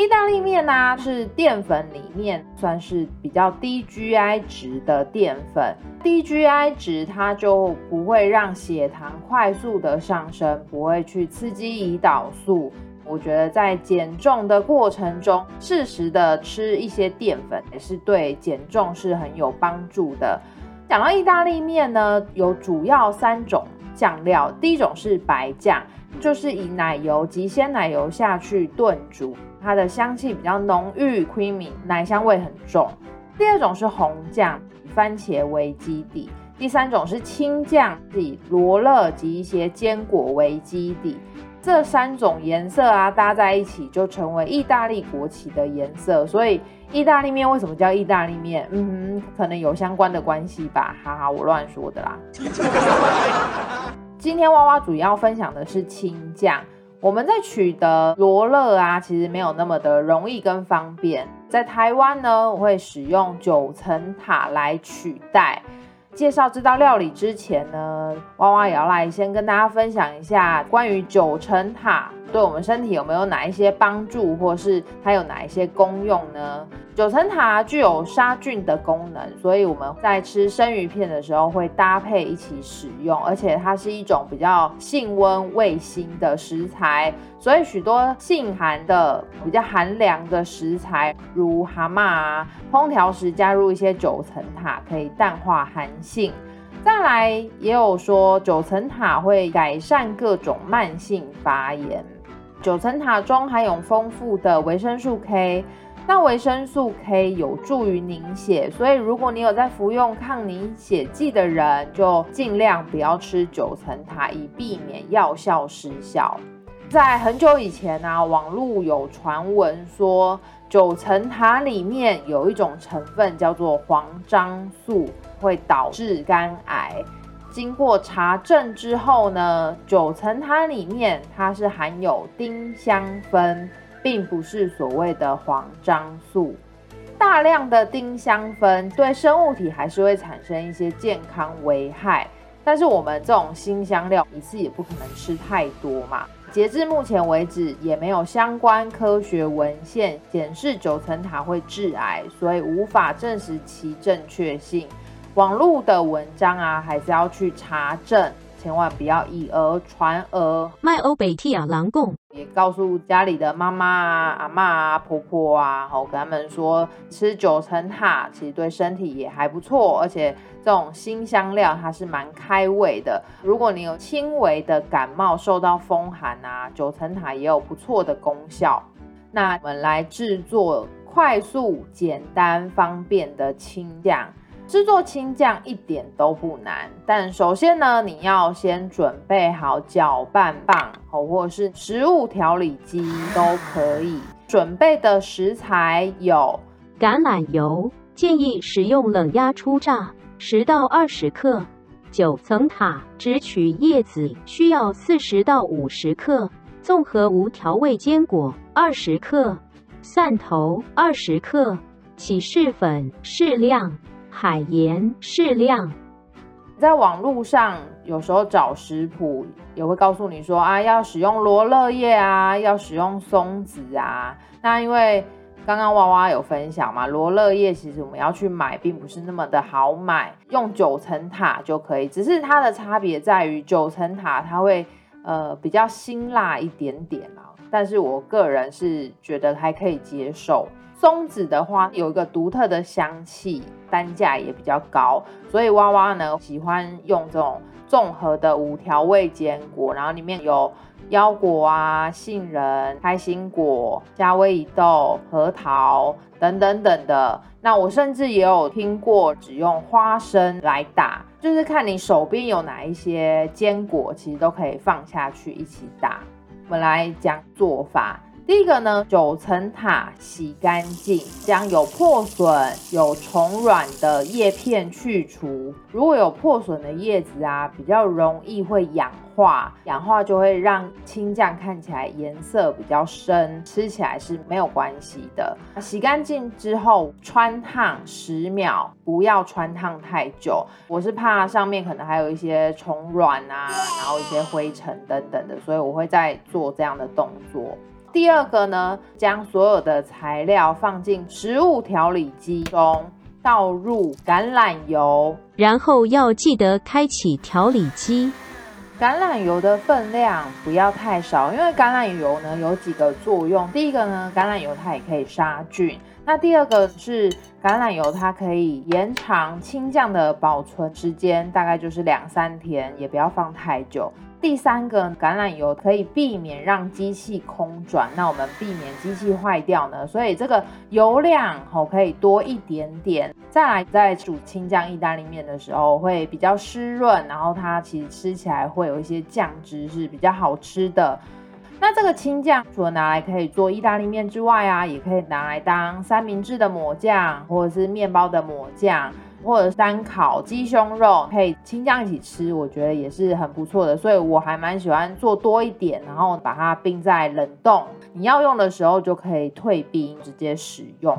意大利麵呢、啊，是澱粉裡面算是比較低 GI 值的澱粉，低 GI 值它就不會讓血糖快速的上升，不會去刺激胰島素。我覺得在減重的過程中，適時的吃一些澱粉也是對減重是很有幫助的。講到意大利麵呢，有主要三種醬料，第一種是白醬，就是以奶油及鮮奶油下去燉煮。它的香氣比較濃郁，creamy，奶香味很重。第二種是紅醬，以番茄為基底。第三種是青醬，以羅勒及一些堅果為基底。這三種顏色啊，搭在一起就成為意大利國旗的顏色。所以意大利麵為什麼叫意大利麵？嗯哼，可能有相關的關係吧。哈哈，我亂說的啦。 今天蛙蛙主要分享的是青醬。我們在取得羅勒啊，其實沒有那麼的容易跟方便。在台灣呢，我會使用九層塔來取代。介紹這道料理之前呢，蛙蛙也要來先跟大家分享一下，關於九層塔對我們身體有沒有哪一些幫助，或是它有哪一些功用呢？九層塔具有殺菌的功能，所以我們在吃生魚片的時候會搭配一起使用。而且它是一種比較性溫味辛的食材，所以許多性寒的、比較寒涼的食材，如蛤蟆啊，烹調時加入一些九層塔，可以淡化寒性。再來，也有說九層塔會改善各種慢性發炎。九層塔中含有豐富的維生素 K。那維生素 K 有助於凝血，所以如果你有在服用抗凝血劑的人，就盡量不要吃九層塔，以避免藥效失效。在很久以前呢、啊，網路有傳聞說九層塔裡面有一種成分叫做黃樟素，會導致肝癌。經過查證之後呢，九層塔裡面它是含有丁香酚，並不是所謂的黃樟素，大量的丁香酚對生物體還是會產生一些健康危害。但是我們這種辛香料一次也不可能吃太多嘛。截至目前為止，也沒有相關科學文獻顯示九層塔會致癌，所以無法證實其正確性。網路的文章啊，還是要去查證。千萬不要以訛傳訛。邁歐北替亞郎共，也告訴家裡的媽媽啊、阿嬤啊、婆婆啊，吼，跟他們說，吃九層塔其實對身體也還不錯，而且這種辛香料它是蠻開胃的。如果你有輕微的感冒、受到風寒啊，九層塔也有不錯的功效。那我們來製作快速、簡單、方便的青醬。製作青醬一點都不難，但首先呢，你要先準備好攪拌棒哦，或者是食物調理機都可以。準備的食材有橄欖油，建議使用冷壓初榨，十到二十克；九層塔只取葉子，需要四十到五十克；綜合無調味堅果二十克，蒜頭二十克，起司粉適量。海鹽適量。在網絡上，有時候找食譜也會告訴你說啊，要使用羅勒葉啊，要使用松子啊。那因為剛剛蛙蛙有分享嘛，羅勒葉其實我們要去買，並不是那麼的好買，用九層塔就可以。只是它的差別在於，九層塔它會呃比較辛辣一點點啊，但是我個人是覺得還可以接受。松子的話有一個獨特的香氣，單價也比較高，所以蛙蛙呢喜歡用這種綜合的無調味堅果，然後裡面有腰果啊、杏仁、開心果、夏威夷豆、核桃等、等等等的。那我甚至也有聽過只用花生來打，就是看你手邊有哪一些堅果，其實都可以放下去一起打。我們來講做法。第一個呢，九層塔洗乾淨，將有破損、有蟲卵的葉片去除。如果有破損的葉子啊，比較容易會氧化，氧化就會讓青醬看起來顏色比較深，吃起來是沒有關係的。洗乾淨之後，川燙十秒，不要川燙太久。我是怕上面可能還有一些蟲卵啊，然後一些灰塵等等的，所以我會再做這樣的動作。第二個呢，將所有的材料放進食物調理機中，倒入橄欖油，然後要記得開啟調理機。橄欖油的分量不要太少，因為橄欖油呢有幾個作用。第一個呢，橄欖油它也可以殺菌。那第二個是橄欖油，它可以延長青醬的保存時間，大概就是兩三天，也不要放太久。第三個，橄欖油可以避免讓機器空轉，那我們避免機器壞掉呢，所以這個油量好，哦，可以多一點點。再來，在煮青醬意大利麵的時候會比較濕潤，然後它其實吃起來會有一些醬汁是比較好吃的。那這個青醬除了拿來可以做意大利麵之外啊，也可以拿來當三明治的抹醬，或者是麵包的抹醬。或者單烤雞胸肉配青醬一起吃，我覺得也是很不錯的，所以我還蠻喜歡做多一點，然後把它冰在冷凍，你要用的時候就可以退冰直接使用。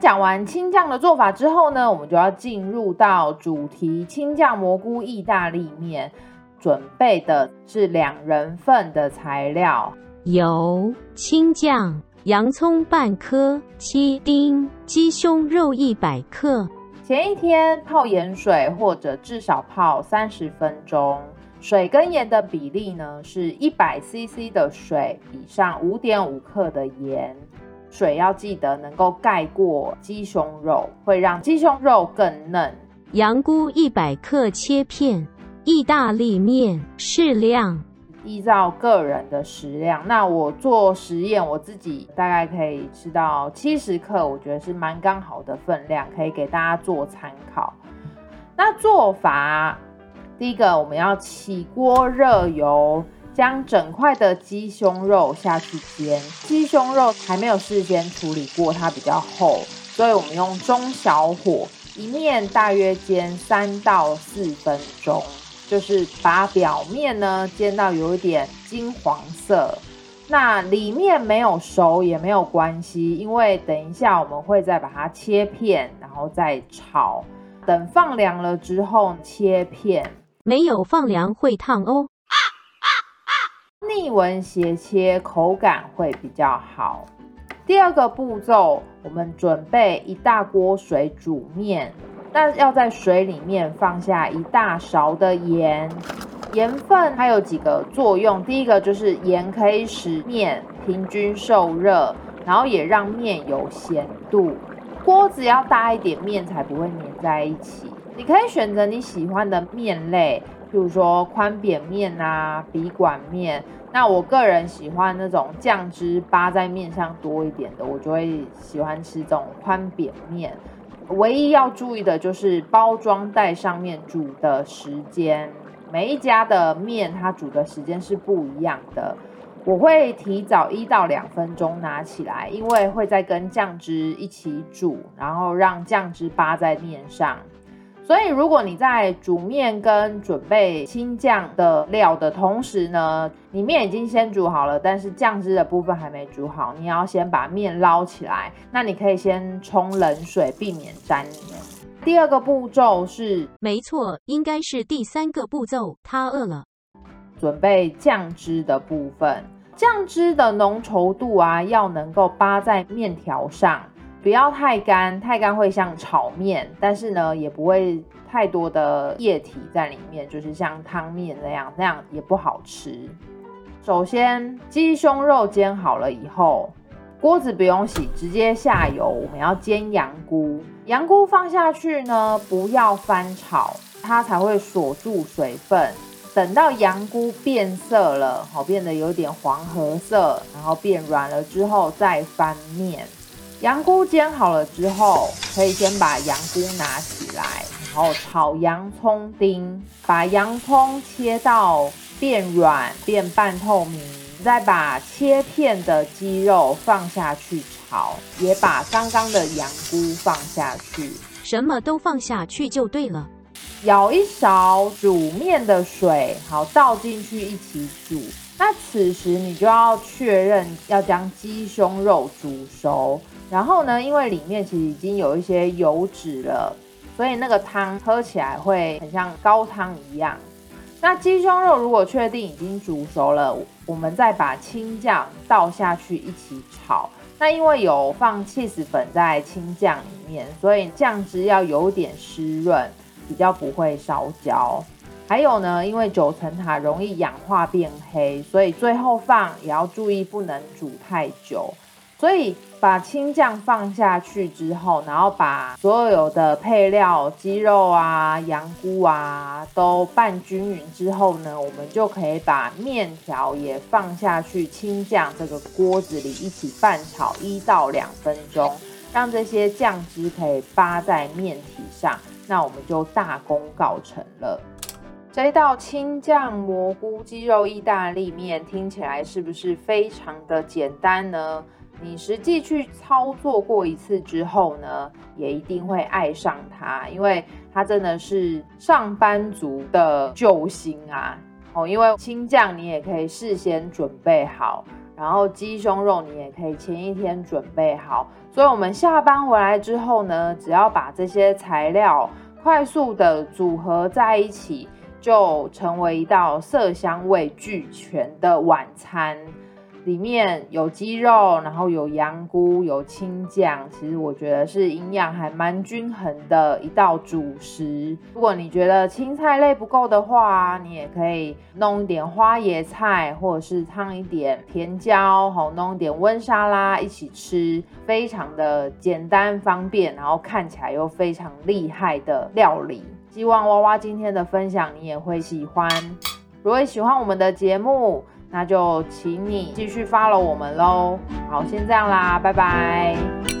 講完青醬的做法之後呢，我們就要進入到主題：青醬蘑菇意大利麵。準備的是兩人份的材料，油、青醬、洋蔥半顆、切丁、雞胸肉一百克。前一天泡鹽水，或者至少泡三十分鐘。水跟鹽的比例呢是一百 CC 的水比上五點五克的鹽。水要記得能夠蓋過雞胸肉，會讓雞胸肉更嫩。洋菇一百克切片，意大利麵適量。依照個人的食量，那我做實驗，我自己大概可以吃到七十克，我覺得是蠻剛好的分量，可以給大家做參考。那做法，第一個我們要起鍋熱油，將整塊的雞胸肉下去煎。雞胸肉還沒有事先處理過，它比較厚，所以我們用中小火，一面大約煎三到四分鐘。就是把表面呢煎到有一點金黃色，那裡面沒有熟也沒有關係，因為等一下我們會再把它切片，然後再炒。等放涼了之後切片，沒有放涼會燙哦。啊啊啊、逆紋斜切口感會比較好。第二個步驟，我們準備一大鍋水煮麵。那要在水裡面放下一大勺的鹽，鹽分它有幾個作用，第一個就是鹽可以使麵平均受熱，然後也讓麵有鹹度。鍋子要大一點，麵才不會粘在一起。你可以選擇你喜歡的麵類，譬如說寬扁麵啊、筆管麵。那我個人喜歡那種醬汁扒在麵上多一點的，我就會喜歡吃這種寬扁麵。唯一要注意的就是包裝袋上面煮的時間，每一家的麵它煮的時間是不一樣的。我會提早一到兩分鐘拿起來，因為會再跟醬汁一起煮，然後讓醬汁扒在麵上。所以，如果你在煮麵跟準備青醬的料的同時呢，你麵已經先煮好了，但是醬汁的部分還沒煮好，你要先把麵撈起來。那你可以先沖冷水，避免粘連。第二個步驟是，沒錯，應該是第三個步驟。他餓了，準備醬汁的部分，醬汁的濃稠度啊，要能夠扒在麵條上。不要太乾，太乾會像炒麵，但是呢，也不會太多的液體在裡面，就是像湯麵那樣，那樣也不好吃。首先，雞胸肉煎好了以後，鍋子不用洗，直接下油。我們要煎洋菇，洋菇放下去呢，不要翻炒，它才會鎖住水分。等到洋菇變色了，好變得有點黃褐色，然後變軟了之後，再翻面。洋菇煎好了之後，可以先把洋菇拿起來，然後炒洋蔥丁，把洋蔥切到變軟變半透明，再把切片的雞肉放下去炒，也把剛剛的洋菇放下去，什麼都放下去就對了。舀一勺煮麵的水，好，倒進去一起煮。那此時你就要確認要將雞胸肉煮熟。然後呢，因為裡面其實已經有一些油脂了，所以那個湯喝起來會很像高湯一樣。那雞胸肉如果確定已經煮熟了，我們再把青醬倒下去一起炒。那因為有放起司粉在青醬裡面，所以醬汁要有點濕潤，比較不會燒焦。還有呢，因為九層塔容易氧化變黑，所以最後放也要注意不能煮太久。所以把青醬放下去之後，然後把所有的配料、雞肉啊、洋菇啊都拌均勻之後呢，我們就可以把麵條也放下去，青醬這個鍋子裡一起拌炒一到兩分鐘，讓這些醬汁可以扒在面體上，那我們就大功告成了。這一道青醬蘑菇雞肉意大利麵聽起來是不是非常的簡單呢？你實際去操作過一次之後呢，也一定會愛上它，因為它真的是上班族的救星啊。哦，因為青醬你也可以事先準備好，然後雞胸肉你也可以前一天準備好，所以我們下班回來之後呢，只要把這些材料快速的組合在一起，就成為一道色香味俱全的晚餐。裡面有雞肉，然後有洋菇，有青醬，其實我覺得是營養還蠻均衡的一道主食。如果你覺得青菜類不夠的話，你也可以弄一點花椰菜，或者是燙一點甜椒，好，弄一點溫沙拉一起吃，非常的簡單方便，然後看起來又非常厲害的料理。希望蛙蛙今天的分享你也會喜歡。如果喜歡我們的節目，那就請你繼續 follow 我們嘍。好，先這樣啦，拜拜。